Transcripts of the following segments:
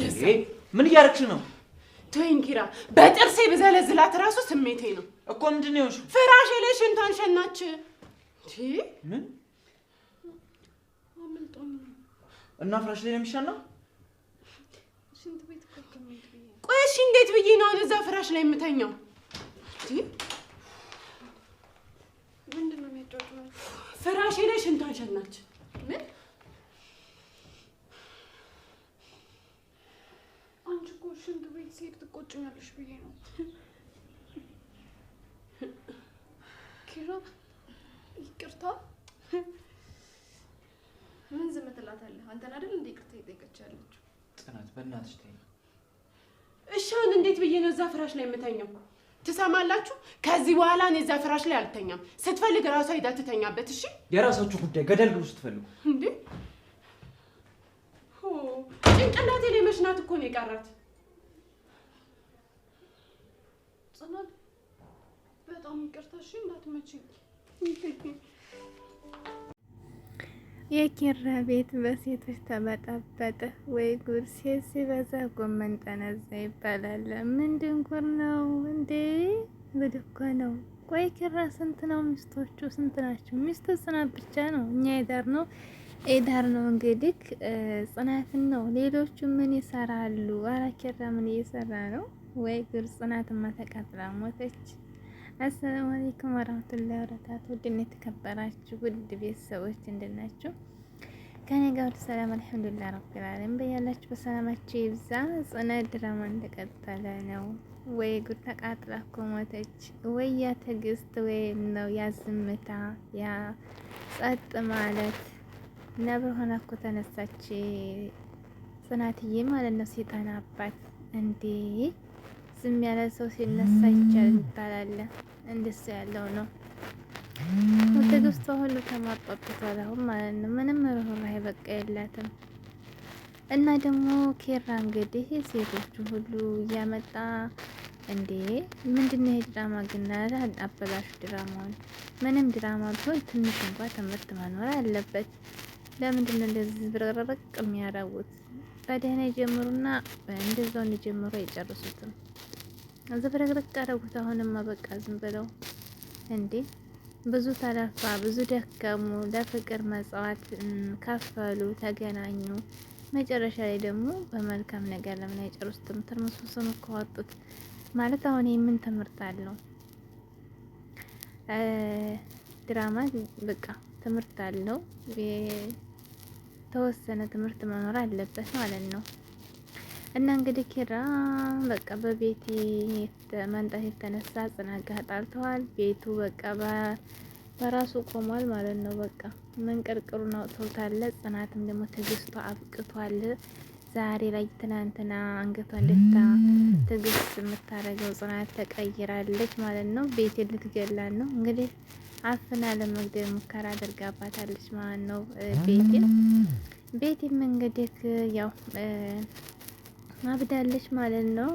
ደስ ምን እያደረግሽ ነው? ቶይንኪራ ኪራ፣ በጥርሴ ብዘለዝላት እራሱ ስሜቴ ነው እኮ። ምንድን ነው የሆንሽው? ፍራሽ ላይ ሽንቷን ሸናች። ምን እና ፍራሽ ላይ ነው የሚሸናው? ቆይ እሺ፣ እንዴት ብዬ ነው አሁን እዛ ፍራሽ ላይ የምተኛው? ፍራሽ ላይ ሽንቷን ሸናች። ሲሄድ ትቆጭኛለሽ ብዬ ነው። ኪራ ይቅርታ። ምን ዝም ትላታለህ? አንተን አይደል እንደ ይቅርታ የጠየቀች ያለችው። ጽናት በእናትሽ ተይኝ። እሺ አሁን እንዴት ብዬ ነው እዛ ፍራሽ ላይ የምተኘው ትሰማላችሁ? ከዚህ በኋላ እኔ እዛ ፍራሽ ላይ አልተኛም። ስትፈልግ እራሷ ሂዳ ትተኛበት። እሺ የራሳችሁ ጉዳይ፣ ገደል ግቡ ስትፈልጉ። እንዴ ጭንቅላቴ ላይ መሽናት እኮ ነው የቀራት። ጽናት በጣም ይቅርታሽ እንዳትመችኝ። የኪራ ቤት በሴቶች ተበጣበጠ። ወይ ጉድ! ሴት ሲበዛ ጎመን ጠነዛ ይባላል። ምን ድንጉር ነው እንዴ? ጉድ እኮ ነው። ቆይ ኪራ ስንት ነው ሚስቶቹ? ስንት ናቸው? ሚስቱ ጽናት ብቻ ነው። እኛ የዳር ነው ኤዳር ነው እንግዲህ ጽናትን ነው። ሌሎቹ ምን ይሰራሉ? አራ ኪራ ምን እየሰራ ነው? ወይ ግልጽ ናት ተቃጥላ ሞተች። አሰላሙ አለይኩም ወራህመቱላሂ ወበረካቱ። ውድና የተከበራችሁ ውድ ቤተሰቦች እንደምን ናችሁ? ከኔ ጋር ሰላም አልሐምዱሊላህ ረቢል ዓለሚን። በያላችሁ በሰላማችሁ ይብዛ። ጽናት ድራማ እንደቀጠለ ነው። ወይ ጉድ ተቃጥላ እኮ ሞተች። ወይ ያ ትዕግስት ወይም ነው ያ ዝምታ ያ ጸጥ ማለት ነብር ሆና እኮ ተነሳች ጽናትዬ ማለት ነው። ሴጣን እንዴ ዝም ያለ ሰው ሲነሳ ይቻል ይባላል። እንደሱ ያለው ነው። ውስጥ ሁሉ ተማጧብቷል። አሁን ማለት ነው ምንም ርኅራኄ በቃ የላትም። እና ደግሞ ኬራ እንግዲህ ሴቶቹ ሁሉ እያመጣ እንዴ ምንድነው የድራማ ግናት አበላሹ ድራማውን። ምንም ድራማ ቢሆን ትንሽ እንኳ ትምህርት መኖር አለበት። ለምንድነው እንደዚህ ብርቅርቅ የሚያረጉት? በደህና ይጀምሩና እንደዛው እንዲጀምሩ አይጨርሱትም። ዝብርቅርቅ አደረጉት። አሁንማ በቃ ዝም ብለው እንዴ ብዙ ተለፋ፣ ብዙ ደከሙ፣ ለፍቅር መጽዋት ከፈሉ፣ ተገናኙ። መጨረሻ ላይ ደግሞ በመልካም ነገር ለምን አይጨርሱትም? ትርምስምሱን እኮ ማለት አሁን የምን ትምህርት አለው ድራማ? በቃ ትምህርት አለው። የተወሰነ ትምህርት መኖር አለበት ማለት ነው። እና እንግዲህ ኪራ በቃ በቤቲ መንጣት የተነሳ ጽናጋ ጣልተዋል። ቤቱ በቃ በራሱ ቆሟል ማለት ነው። በቃ መንቀርቅሩን አውጥተውታል። ጽናትም ደግሞ ትዕግስቷ አብቅቷል። ዛሬ ላይ ትናንትና አንገቷ እንደታ ትዕግስት የምታደርገው ጽናት ተቀይራለች ማለት ነው። ቤቴ ልትገላን ነው እንግዲህ አፍና ለመግደል ሙከራ አድርጋባታለች ማለት ነው። ቤቴ ቤትም እንግዲህ ያው አብዳለች ማለት ነው።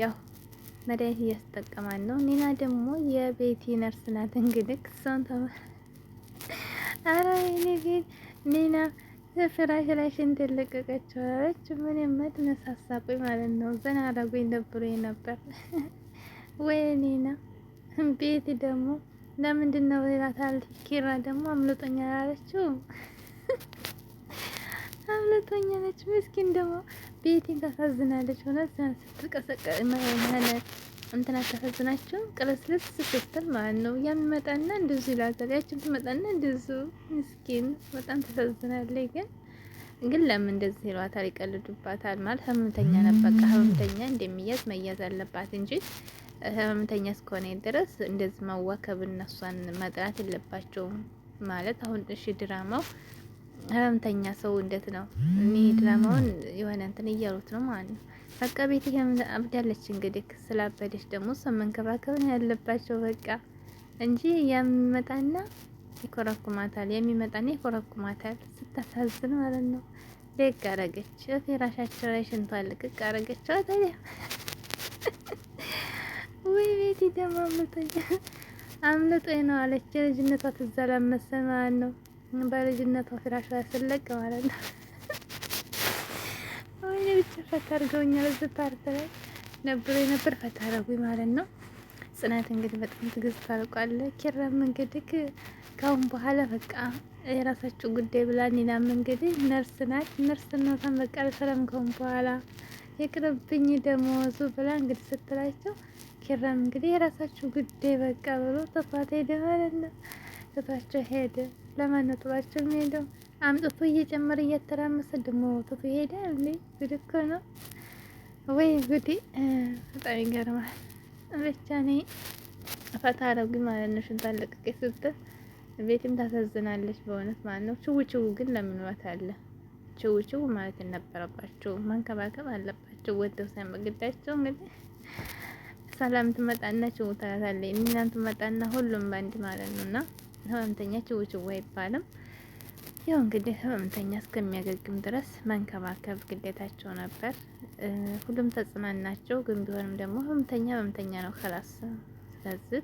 ያው መድኃኒት እያስጠቀማት ነው። ኒና ደግሞ የቤቲ ነርስ ናት። እንግዲህ እሷን ተው። ኧረ የእኔ ቤት ኒና ፍራሽ ላይ ሽንት የለቀቀችዋለች። ምን የምትነሳሳቁኝ ማለት ነው። ዘና አረጉኝ ነብሮ ነበር። ወይ ኒና ቤቲ ደግሞ ለምንድን ነው ይላታል። ኪራ ደግሞ አምልጦኛ አላለችው አምልጦኛ ነች ምስኪን ደግሞ ቤቴን ታሳዝናለች። ሆነ ስትቀሰቀ መሆነ እንትና ታሳዝናቸው ቅለስለስ ስትል ማለት ነው። ያ የሚመጣና እንደዙ ይላታል፣ ያችን ትመጣና እንደዙ። ምስኪን በጣም ታሳዝናለች። ግን ግን ለምን እንደዚህ ይሏታል? ይቀልዱባታል። ማለት ህመምተኛ ነው በቃ ህመምተኛ እንደሚያዝ መያዝ አለባት እንጂ ህመምተኛ እስከሆነ ድረስ እንደዚህ መዋከብ እነሷን መጥራት የለባቸውም ማለት አሁን እሺ ድራማው ህመምተኛ ሰው እንዴት ነው እኔ ድራማውን የሆነ እንትን እያሉት ነው ማለት ነው። በቃ ቤት ይሄም አብዳለች እንግዲህ ስላበደች ደግሞ እሷን መንከባከብ ነው ያለባቸው በቃ እንጂ የሚመጣና ይኮረኩማታል፣ የሚመጣና ይኮረኩማታል። ስታሳዝን ማለት ነው። ልቅ አረገች ራሻቸው ላይ ሽንቷን ልቅቅ አረገችው። ታዲያ ወይ ቤቲ ደግሞ አምልጦ አምልጦ ነው አለች። የልጅነቷ ትዝ አላመሰ ማለት ነው በልጅነቷ ፍራሽ ላይ ስለቅ ማለት ነው። ወይኔ ብቻ ፈታ አድርገውኛል። እዚህ ፓርት ላይ ነብሮ የነበር ፈታ አረጉኝ ማለት ነው። ጽናት እንግዲህ በጣም ትግስት አልቋል። ኪራም እንግዲህ ካሁን በኋላ በቃ የራሳችሁ ጉዳይ ብላ ኒናም እንግዲህ ነርስ ናት ነርስ ነታን በቃ አልሰራም ካሁን በኋላ የቅርብኝ ደመወዙ ብላ እንግዲህ ስትላቸው ኪራም እንግዲህ የራሳችሁ ጉዳይ በቃ ብሎ ተፋታ ሄደ ማለት ነው። ትቷቸው ሄደ። ለማን ነው ጥሏቸው ሄደው? አምጥቶ እየጨመረ እያተራመሰ ደግሞ ትቶ ሄደ። እንዴ ጉድ እኮ ነው ወይ ጉዲ! በጣም ይገርማል። ብቻ እኔ ፈታ አረጉ ማለት ነው። ሽንቷን ለቅቄ ስትል ቤትም ታሳዝናለች በእውነት ማለት ነው። ችው ችው ግን ለምንዋት አለ ችው ችው ማለት የነበረባቸው መንከባከብ አለባቸው። ወደው ሳይመግዳቸው እንግዲህ ሰላም ትመጣና ችው ትላታለች። እኛም ትመጣና ሁሉም ባንድ ማለት ነው እና ህመምተኛ ችውችው አይባልም። ያው እንግዲህ ህመምተኛ እስከሚያገግም ድረስ መንከባከብ ግዴታቸው ነበር። ሁሉም ተጽናናቸው። ግን ቢሆንም ደግሞ ህመምተኛ ህመምተኛ ነው ከላስ ስለዚህ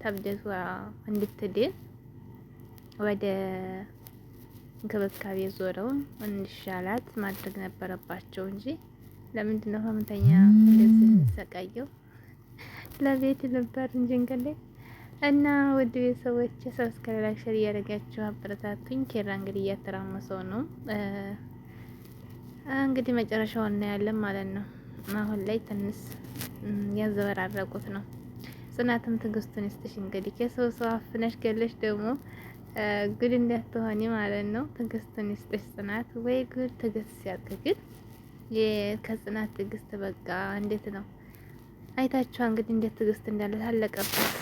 ታብጀቷ እንድትድን ወደ እንክብካቤ ዞረው እንዲሻላት ማድረግ ነበረባቸው እንጂ ለምንድነው ህመምተኛ እንደዚህ የሚሰቃየው? ለቤት ነበር እንጂ እንግዲህ እና ውድ ቤተሰቦች ሰብስክራይብ፣ ላይክ፣ ሼር እያደረጋችሁ አበረታቱኝ። ኬራ እንግዲህ እያተራመሰው ነው እንግዲህ መጨረሻውን እናያለን ማለት ነው። አሁን ላይ ትንሽ ያዘበራረቁት ነው። ጽናትም ትዕግስቱን ይስጥሽ እንግዲህ ከሰው ሰው አፍነሽ ገለሽ ደግሞ ጉድ እንዳትሆኒ ማለት ነው። ትዕግስቱን ይስጥሽ ጽናት። ወይ ጉድ ትግስት ሲያልቅ ግን ከጽናት ትግስት በቃ እንዴት ነው አይታችኋ እንግዲህ እንዴት ትግስት እንዳለ ታለቀበት